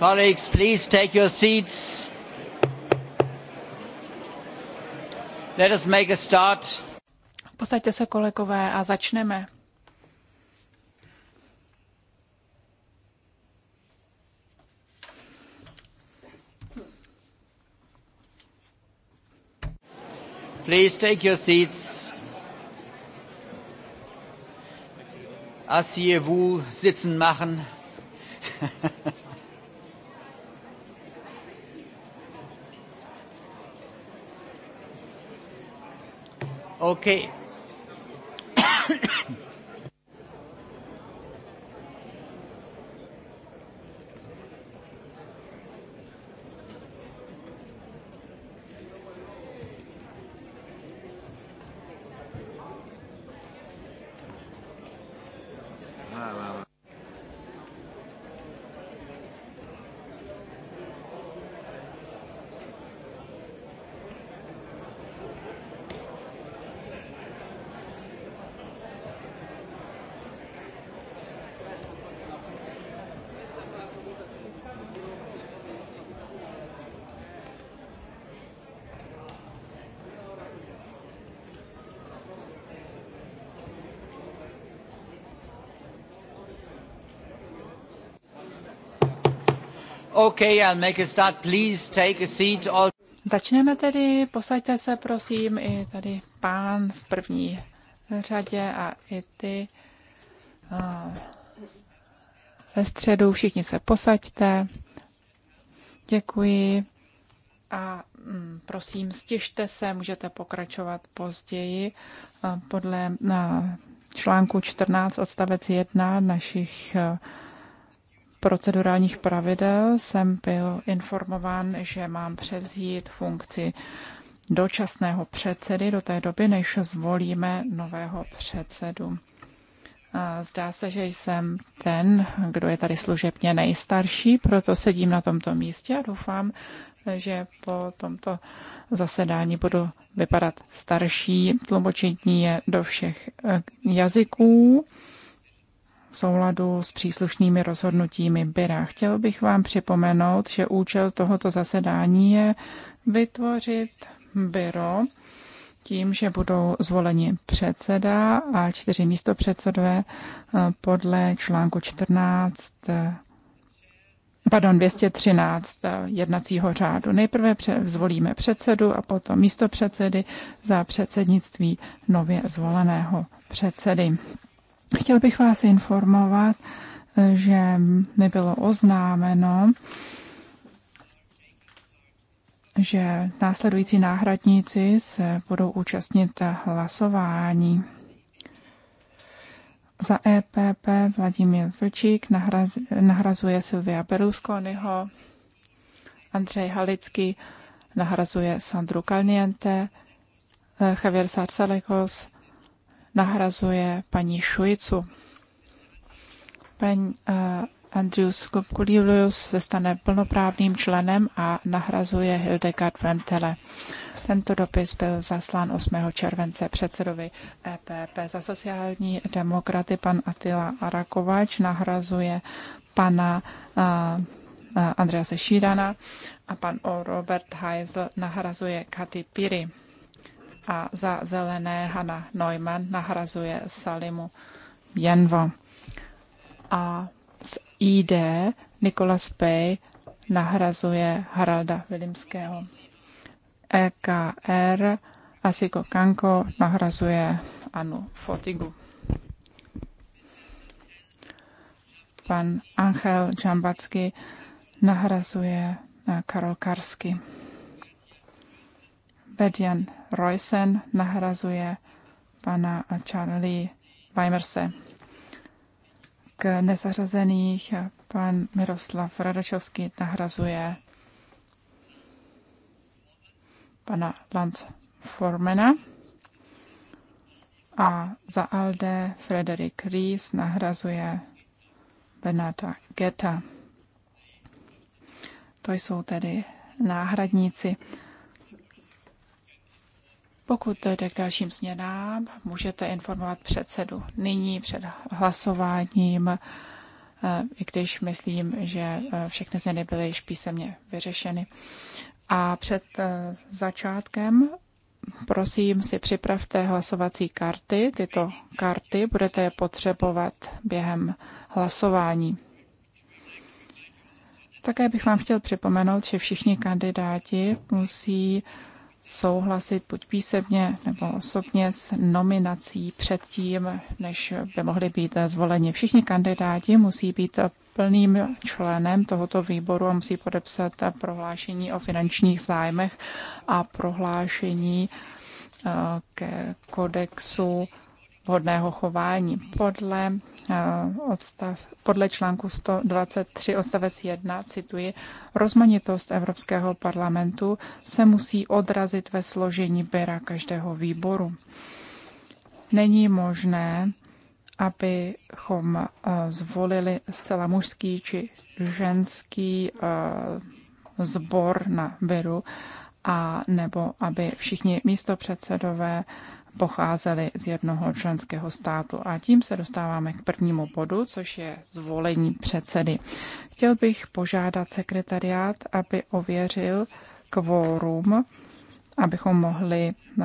Colleagues, please take your seats. Let us make a start. Posaďte se, kolegové, a začneme. Please take your seats. Asseyez-vous, sitzen machen. Okay. Okay, I'll make a start. Please take a seat. All... Začneme tedy, posaďte se prosím, i tady pán v první řadě a i ty a, ve středu, všichni se posaďte. Děkuji a mm, prosím, stižte se, můžete pokračovat později podle na, článku 14 odstavec 1 našich a, procedurálních pravidel jsem byl informován, že mám převzít funkci dočasného předsedy do té doby, než zvolíme nového předsedu. Zdá se, že jsem ten, kdo je tady služebně nejstarší, proto sedím na tomto místě a doufám, že po tomto zasedání budu vypadat starší. Tlumočení je do všech eh, jazyků v souladu s příslušnými rozhodnutími Byra. Chtěl bych vám připomenout, že účel tohoto zasedání je vytvořit Byro tím, že budou zvoleni předseda a čtyři místopředsedové eh, podle článku 14 eh, pardon, 213 eh, jednacího řádu. Nejprve zvolíme předsedu a potom místo předsedy za předsednictví nově zvoleného předsedy. Chtěl bych vás informovat, že mi bylo oznámeno, že následující náhradníci se budou účastnit hlasování. Za EPP Vladimír Vlčík nahrazuje Silvia Berlusconiho, Andřej Halický nahrazuje Sandru Kalniente, Javier Sarsalekos nahrazuje paní Šujicu. Paní uh, eh, Andrius Kopkulius se stane plnoprávným členem a nahrazuje Hildegard Ventele. Tento dopis byl zaslán 8. července předsedovi EPP. Za sociální demokraty pan Attila Arakovač nahrazuje pana uh, Andrease Šírana a pan o. Robert Heisel nahrazuje Katy Piri a za zelené Hanna Neumann nahrazuje Salimu Jenvo. A z ID Nikolas Pej nahrazuje Haralda Vilimského. EKR Asiko Kanko nahrazuje Anu Fotigu. Pan Angel Čambacky nahrazuje eh, Karol Karsky. Bedjan Roysen nahrazuje pana Charlie Weimerse. K nezařazených pan Miroslav Radačovský nahrazuje pana Lanz Formena a za Alde Frederik Ries nahrazuje Benata Geta. To jsou tedy náhradníci. Pokud jde k dalším změnám, můžete informovat předsedu nyní před hlasováním, e, i když myslím, že e, všechny změny byly již písemně vyřešeny. A před e, začátkem prosím si připravte hlasovací karty. Tyto karty budete je potřebovat během hlasování. Také bych vám chtěl připomenout, že všichni kandidáti musí uh, souhlasit buď písemně nebo osobně s nominací předtím, než by mohli být zvoleni. Všichni kandidáti musí být plným členem tohoto výboru a musí podepsat prohlášení o finančních zájmech a prohlášení eh, ke kodexu vhodného chování. Podle, eh, odstav, podle článku 123 odstavec 1, cituji, rozmanitost Evropského parlamentu se musí odrazit ve složení byra každého výboru. Není možné, abychom eh, zvolili zcela mužský či ženský zbor eh, na byru, a nebo aby všichni místopředsedové pocházeli z jednoho členského státu. A tím se dostáváme k prvnímu bodu, což je zvolení předsedy. Chtěl bych požádat sekretariát, aby ověřil kvórum, abychom mohli eh,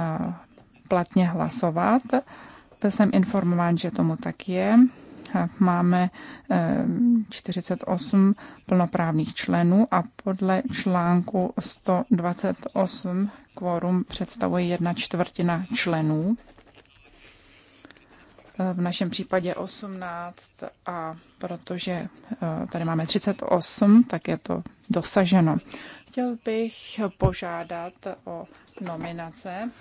platně hlasovat. Byl jsem informován, že tomu tak je máme 48 eh, plnoprávných členů a podle článku 128 kvorum představuje jedna čtvrtina členů. Eh, v našem případě 18 a protože eh, tady máme 38, tak je to dosaženo. Chtěl bych požádat o nominace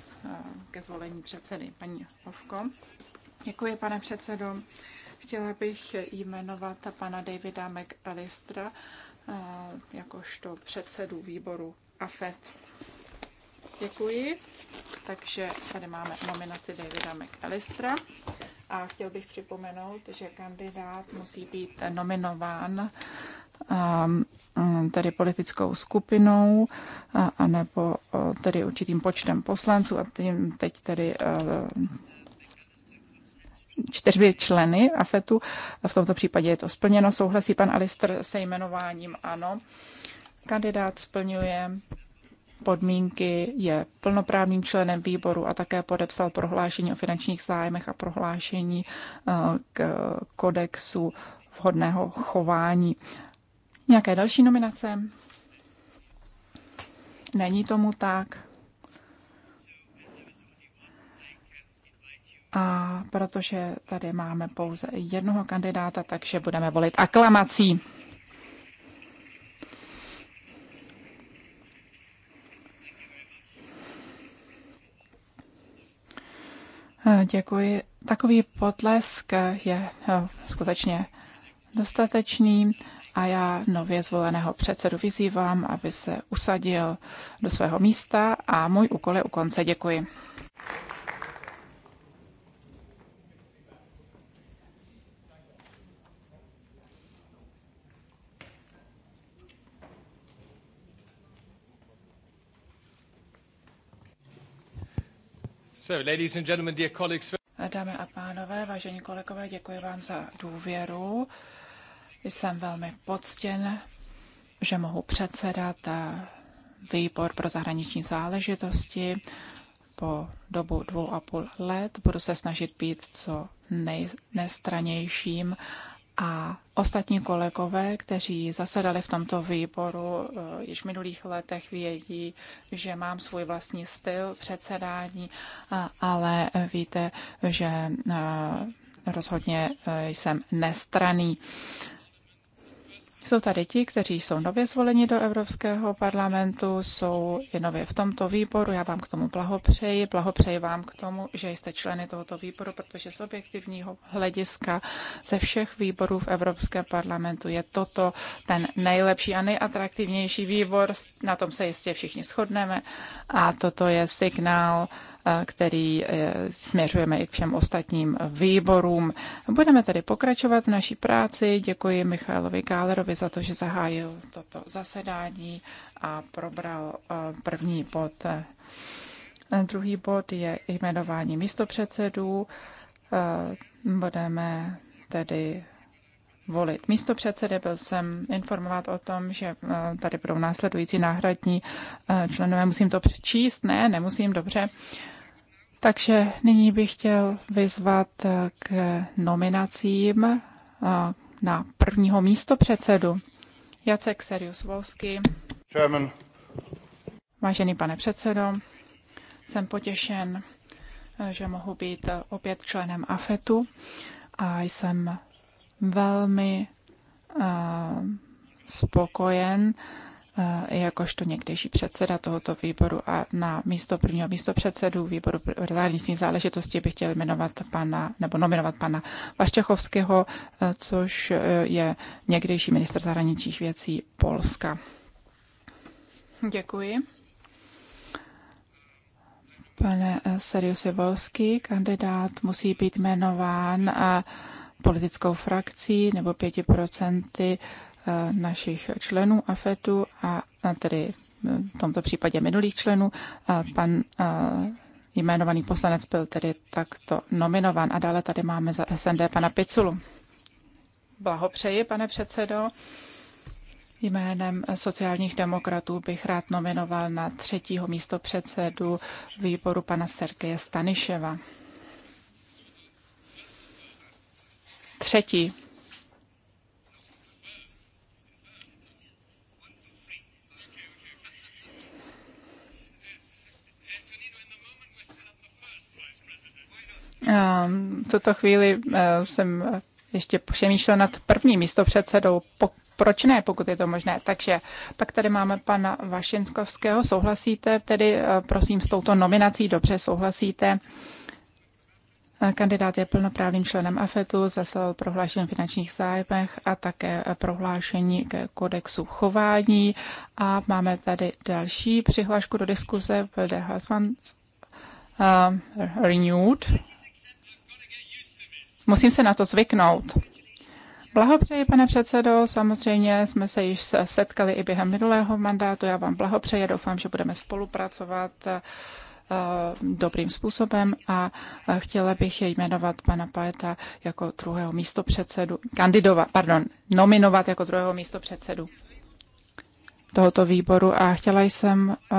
ke zvolení předsedy. Paní Ovko. Děkuji, pane předsedo. Chtěla bych jmenovat pana Davida McAllistra eh, jakožto předsedu výboru AFET. Děkuji. Takže tady máme nominaci Davida McAllistra. A chtěl bych připomenout, že kandidát musí být nominován ehm, tedy politickou skupinou anebo tedy určitým počtem poslanců a tím teď tedy eh, čtyřmi členy AFETu. V tomto případě je to splněno. Souhlasí pan Alister se jmenováním? Ano. Kandidát splňuje podmínky, je plnoprávným členem výboru a také podepsal prohlášení o finančních zájmech a prohlášení eh, k kodexu vhodného chování. Nějaké další nominace? Není tomu tak. A protože tady máme pouze jednoho kandidáta, takže budeme volit aklamací. Eh, děkuji. Takový potlesk je eh, skutečně dostatečný a já nově zvoleného předsedu vyzývám, aby se usadil do svého místa a můj úkol je u konce. Děkuji. So, ladies and gentlemen, dear colleagues. Dámy a pánové, vážení kolegové, děkuji vám za důvěru. Jsem velmi poctěn, že mohu předsedat výbor pro zahraniční záležitosti po dobu dvou a půl let. Budu se snažit být co nejnestranějším a ostatní kolegové, kteří zasedali v tomto výboru eh, již v minulých letech, vědí, že mám svůj vlastní styl předsedání, eh, ale víte, že eh, rozhodně jsem nestraný. Jsou tady ti, kteří jsou nově zvoleni do Evropského parlamentu, jsou i nově v tomto výboru. Já vám k tomu blahopřeji. Blahopřeji vám k tomu, že jste členy tohoto výboru, protože z objektivního hlediska ze všech výborů v Evropském parlamentu je toto ten nejlepší a nejatraktivnější výbor. Na tom se jistě všichni shodneme. A toto je signál, který e, směřujeme i k všem ostatním výborům. Budeme tedy pokračovat v naší práci. Děkuji Michalovi Gálerovi za to, že zahájil toto zasedání a probral e, první bod. E, druhý bod je jmenování místopředsedů. Budeme tedy volit. Místo předsedy byl jsem informovat o tom, že tady budou následující náhradní členové. Musím to přečíst? Ne, nemusím, dobře. Takže nyní bych chtěl vyzvat eh, k nominacím eh, na prvního místo předsedu. Jacek Serius Volsky. Chairman. Vážený pane předsedo, jsem potěšen, eh, že mohu být opět členem AFETu a jsem velmi spokojen Eh, jakožto někdejší předseda tohoto výboru a na místo prvního místo předsedu výboru pro zahraniční záležitosti bych chtěl jmenovat pana, nebo nominovat pana Vaščechovského, eh, což eh, je někdejší minister zahraničních věcí Polska. Děkuji. Pane Seriusi Volský, kandidát musí být jmenován a politickou frakcí nebo pěti procenty Eh, našich členů AFETu a, tedy eh, v tomto případě minulých členů. pan eh, jmenovaný poslanec byl tedy takto nominován. A dále tady máme za SND pana Piculu. Blahopřeji, pane předsedo. Jménem sociálních demokratů bych rád nominoval na třetího místo předsedu výboru pana Sergeje Staniševa. Třetí Ehm, v tuto chvíli eh, jsem ještě přemýšlel nad první místo předsedou, proč ne, pokud je to možné. Takže pak tady máme pana Vašinkovského. Souhlasíte tedy, eh, prosím, s touto nominací? Dobře, souhlasíte. Eh, kandidát je plnoprávným členem AFETu, zaslal prohlášení o finančních zájmech a také prohlášení ke kodexu chování. A máme tady další přihlášku do diskuze. Vede Hasman uh, Renewed. Musím se na to zvyknout. Blahopřeji, pane předsedo. Samozřejmě jsme se již setkali i během minulého mandátu. Já vám blahopřeji. Doufám, že budeme spolupracovat eh, dobrým způsobem a eh, chtěla bych je jmenovat pana Paeta jako druhého místopředsedu, kandidovat, pardon, nominovat jako druhého místopředsedu tohoto výboru a chtěla jsem eh,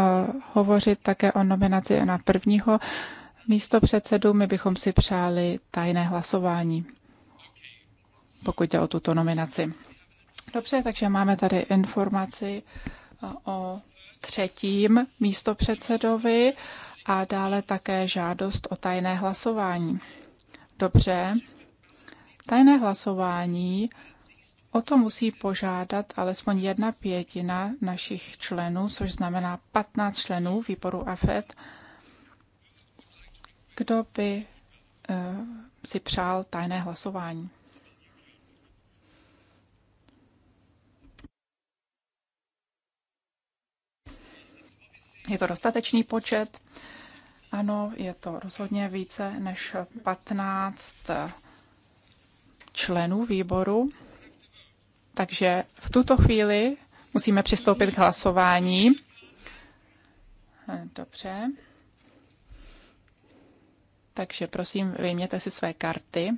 hovořit také o nominaci na prvního místo předsedu, my bychom si přáli tajné hlasování, pokud jde o tuto nominaci. Dobře, takže máme tady informaci o třetím místo předsedovi a dále také žádost o tajné hlasování. Dobře, tajné hlasování o to musí požádat alespoň jedna pětina našich členů, což znamená 15 členů výboru AFET kdo by eh, si přál tajné hlasování? Je to dostatečný počet? Ano, je to rozhodně více než 15 eh, členů výboru. Takže v tuto chvíli musíme přistoupit k hlasování. Eh, dobře. Takže prosím, vyjměte si své karty.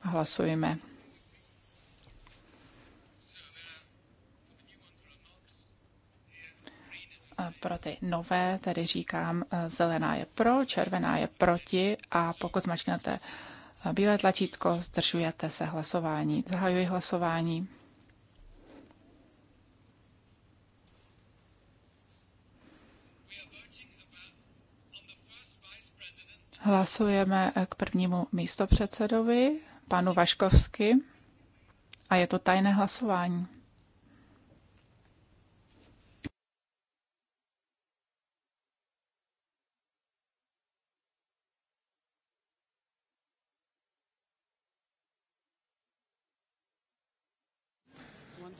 hlasujeme. pro ty nové, tedy říkám, eh, zelená je pro, červená je proti a pokud zmačknete eh, bílé tlačítko, zdržujete se hlasování. Zahajuji hlasování. Hlasujeme k prvnímu místopředsedovi, panu Vaškovsky. A je to tajné hlasování.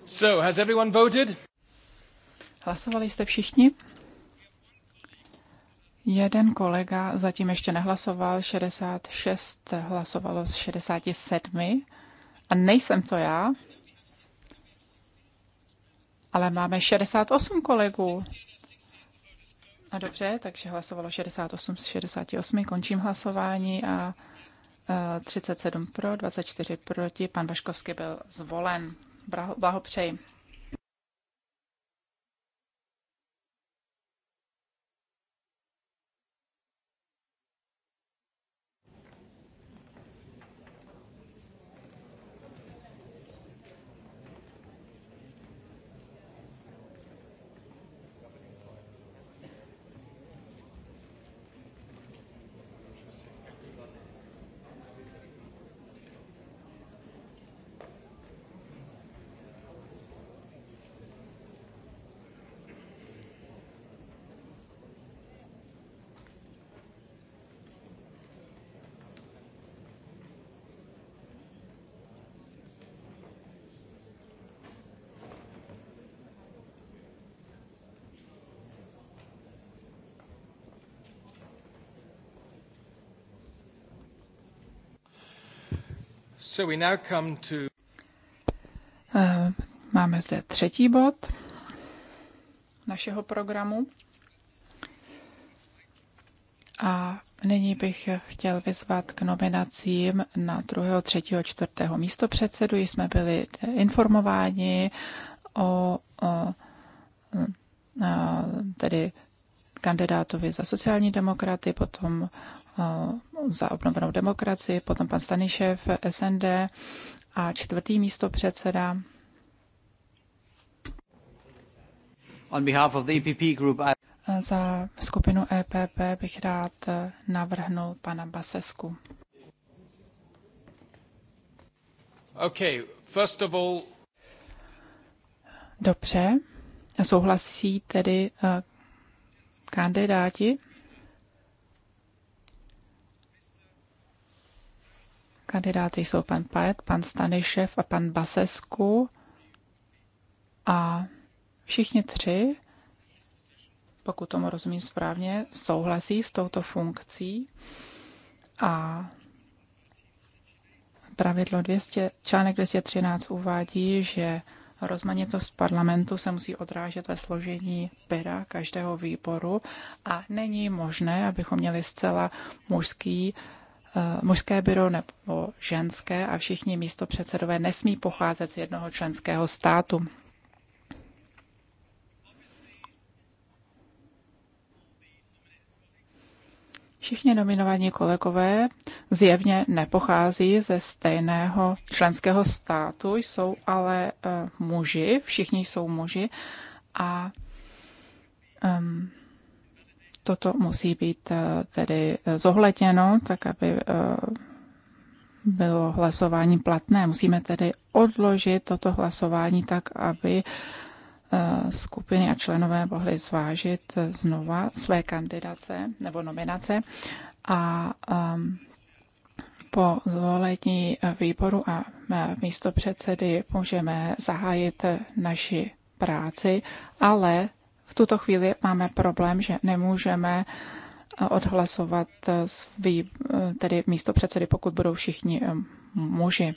So, has everyone voted? Hlasovali jste všichni? Jeden kolega zatím ještě nehlasoval, 66 hlasovalo z 67 a nejsem to já, ale máme 68 kolegů. A dobře, takže hlasovalo 68 z 68, končím hlasování a 37 pro, 24 proti. Pan Vaškovský byl zvolen. Blahopřeji. Eh, máme zde třetí bod našeho programu. A nyní bych chtěl vyzvat k nominacím na druhého, třetího, čtvrtého místo předsedu. Jsme byli informováni o, o eh, tedy kandidátovi za sociální demokraty, potom eh, za obnovenou demokracii, potom pan Stanišev, SND a čtvrtý místo předseda. On behalf of the EPP group, I... Za skupinu EPP bych rád navrhnul pana Basesku. Okay, first of all... Dobře, souhlasí tedy eh, kandidáti Kandidáty jsou pan Pajet, pan Stanišev a pan Basesku. A všichni tři, pokud tomu rozumím správně, souhlasí s touto funkcí. A pravidlo 200, článek 213 uvádí, že rozmanitost parlamentu se musí odrážet ve složení pera každého výboru a není možné, abychom měli zcela mužský Eh, mužské byro nebo ženské a všichni místo předsedové nesmí pocházet z jednoho členského státu. Všichni nominovaní kolegové zjevně nepochází ze stejného členského státu, jsou ale uh, muži, všichni jsou muži a um, toto musí být eh, tedy eh, zohledněno, tak aby eh, bylo hlasování platné. Musíme tedy odložit toto hlasování tak, aby skupiny a členové mohli zvážit znova své kandidace nebo nominace a ehm, po zvolení výboru a místo předsedy můžeme zahájit naši práci, ale tuto chvíli máme problém, že nemůžeme eh, odhlasovat eh, svý, eh, tedy místo předsedy, pokud budou všichni muži.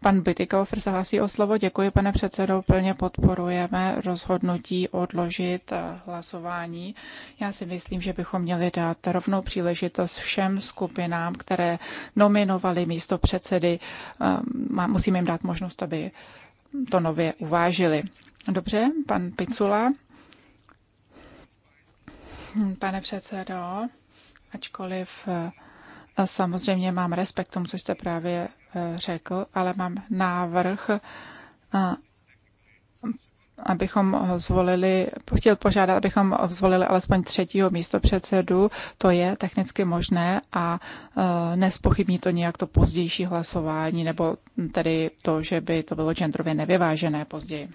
Pan Bytikofer se hlásí o slovo. Děkuji, pane předsedo. Plně podporujeme rozhodnutí odložit hlasování. Já si myslím, že bychom měli dát rovnou příležitost všem skupinám, které nominovali místo předsedy. Musíme jim dát možnost, aby to nově uvážili. Dobře, pan Picula pane předsedo. Ačkoliv eh, samozřejmě mám respekt tomu, co jste právě eh, řekl, ale mám návrh, eh, abychom zvolili, chtěl požádat, abychom zvolili alespoň třetího místo předsedu. To je technicky možné a nespochybní to nějak to pozdější hlasování, nebo tedy to, že by to bylo genderově nevyvážené později.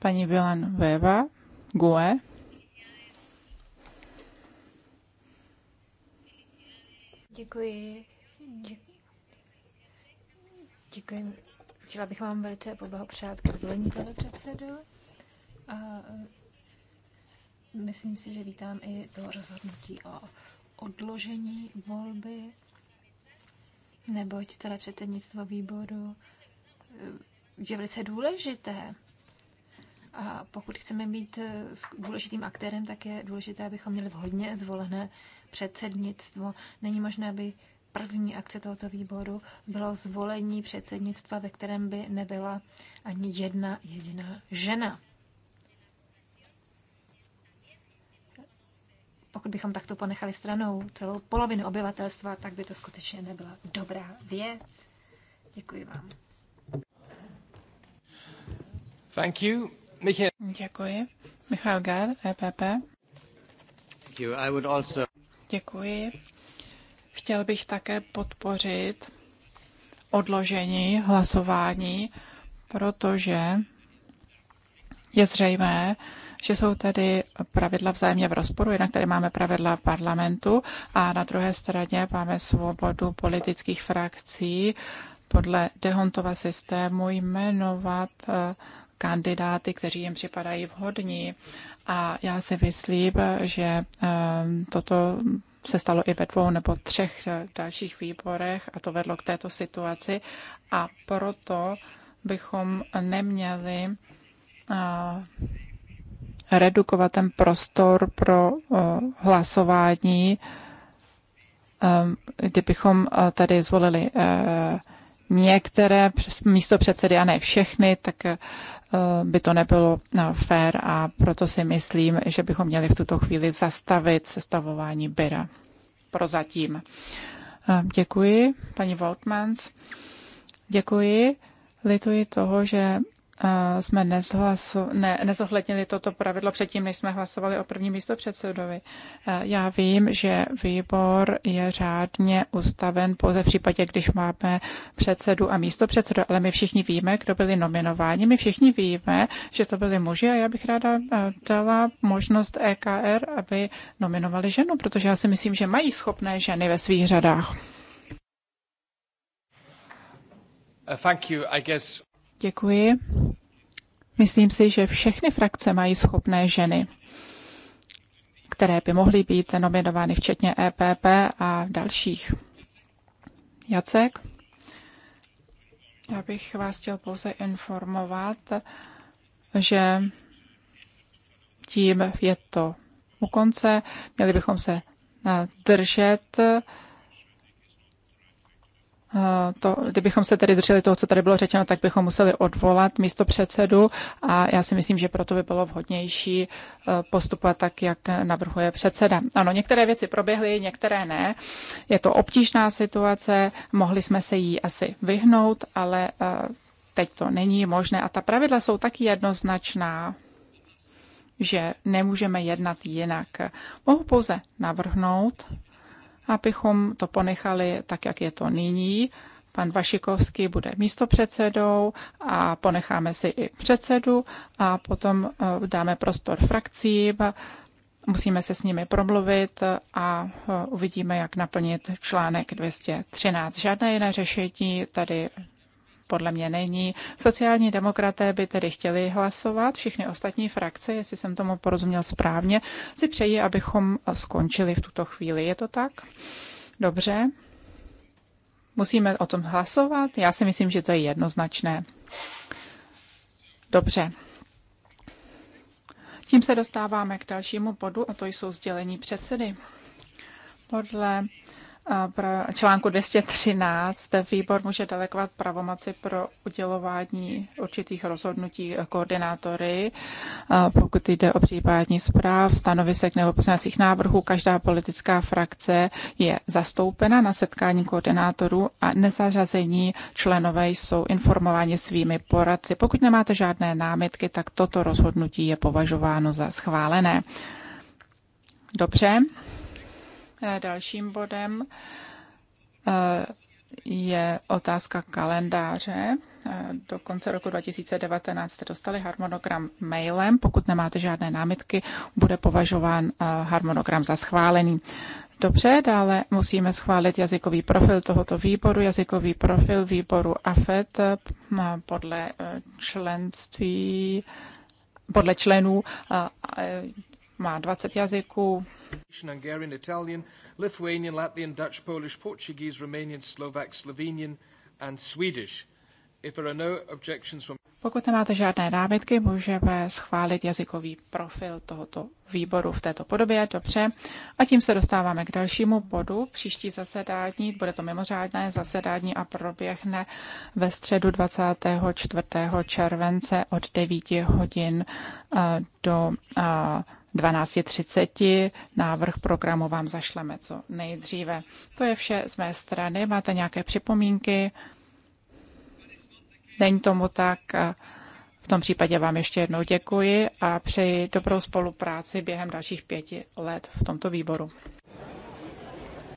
Paní Bilan Veva. GUE. Děkuji. Děkuji. Chtěla bych vám velice poblahopřát ke zvolení, pane předsedu. A eh, myslím si, že vítám i to rozhodnutí o odložení volby, neboť celé předsednictvo výboru eh, je velice důležité a pokud chceme být eh, důležitým aktérem, tak je důležité, abychom měli vhodně zvolené předsednictvo. Není možné, aby první akce tohoto výboru bylo zvolení předsednictva, ve kterém by nebyla ani jedna jediná žena. Pokud bychom takto ponechali stranou celou polovinu obyvatelstva, tak by to skutečně nebyla dobrá věc. Děkuji vám. Thank you. Děkuji. Michal Gar, EPP. Děkuji. Chtěl bych také podpořit odložení hlasování, protože je zřejmé, že jsou tady pravidla vzájemně v rozporu. Jinak tady máme pravidla parlamentu a na druhé straně máme svobodu politických frakcí podle Dehontova systému jmenovat eh, kandidáty, kteří jim připadají vhodní. A já si myslím, že ehm, toto se stalo i ve dvou nebo třech eh, dalších výborech a to vedlo k této situaci. A proto bychom neměli eh, redukovat ten prostor pro eh, hlasování, ehm, kdybychom tady zvolili některé místo předsedy a ne všechny, tak by to nebylo eh, fér a proto si myslím, že bychom měli v tuto chvíli zastavit sestavování byra. Prozatím. Eh, děkuji, paní Voltmans. Děkuji. Lituji toho, že Eh, jsme nezhlasu, ne, nezohlednili toto pravidlo předtím, než jsme hlasovali o prvním předsedovi. Eh, já vím, že výbor je řádně ustaven pouze v případě, když máme předsedu a předsedu, ale my všichni víme, kdo byli nominováni, my všichni víme, že to byli muži a já bych ráda eh, dala možnost EKR, aby nominovali ženu, protože já si myslím, že mají schopné ženy ve svých řadách. Uh, thank you. I guess Děkuji. Myslím si, že všechny frakce mají schopné ženy, které by mohly být nominovány, včetně EPP a dalších. Jacek? Já bych vás chtěl pouze informovat, že tím je to u konce. Měli bychom se eh, držet Eh, to, kdybychom se tedy drželi toho, co tady bylo řečeno, tak bychom museli odvolat místo předsedu a já si myslím, že proto by bylo vhodnější eh, postupovat tak, jak navrhuje předseda. Ano, některé věci proběhly, některé ne. Je to obtížná situace, mohli jsme se jí asi vyhnout, ale eh, teď to není možné a ta pravidla jsou tak jednoznačná, že nemůžeme jednat jinak. Mohu pouze navrhnout, abychom to ponechali tak, jak je to nyní. Pan Vašikovský bude místopředsedou a ponecháme si i předsedu a potom eh, dáme prostor frakcím, musíme se s nimi promluvit a eh, uvidíme, jak naplnit článek 213. Žádné jiné řešení tady podle mě není. Sociální demokraté by tedy chtěli hlasovat, všechny ostatní frakce, jestli jsem tomu porozuměl správně, si přeji, abychom skončili v tuto chvíli. Je to tak? Dobře. Musíme o tom hlasovat? Já si myslím, že to je jednoznačné. Dobře. Tím se dostáváme k dalšímu bodu, a to jsou sdělení předsedy. Podle článku 213 výbor může delegovat pravomoci pro udělování určitých rozhodnutí koordinátory, pokud jde o případní zpráv, stanovisek nebo poslaneckých návrhů. Každá politická frakce je zastoupena na setkání koordinátorů a nezařazení členové jsou informováni svými poradci. Pokud nemáte žádné námitky, tak toto rozhodnutí je považováno za schválené. Dobře. Eh, dalším bodem eh, je otázka kalendáře. Eh, do konce roku 2019 jste dostali harmonogram mailem. Pokud nemáte žádné námitky, bude považován harmonogram za schválený. Dobře, dále musíme schválit jazykový profil tohoto výboru, jazykový profil výboru AFET podle členství, podle členů má 20 jazyků, Hungarian, Italian, Lithuanian, Latvian, Dutch, Polish, Portuguese, Romanian, Slovak, Slovenian and Swedish. If there are no objections from... Pokud nemáte žádné námitky, můžeme schválit jazykový profil tohoto výboru v této podobě. Dobře. A tím se dostáváme k dalšímu bodu. Příští zasedání, bude to mimořádné zasedání a proběhne ve středu 24. července od 9 hodin eh, do eh, 12.30 návrh programu vám zašleme co nejdříve. To je vše z mé strany. Máte nějaké připomínky? Není tomu tak. V tom případě vám ještě jednou děkuji a přeji dobrou spolupráci během dalších pěti let v tomto výboru.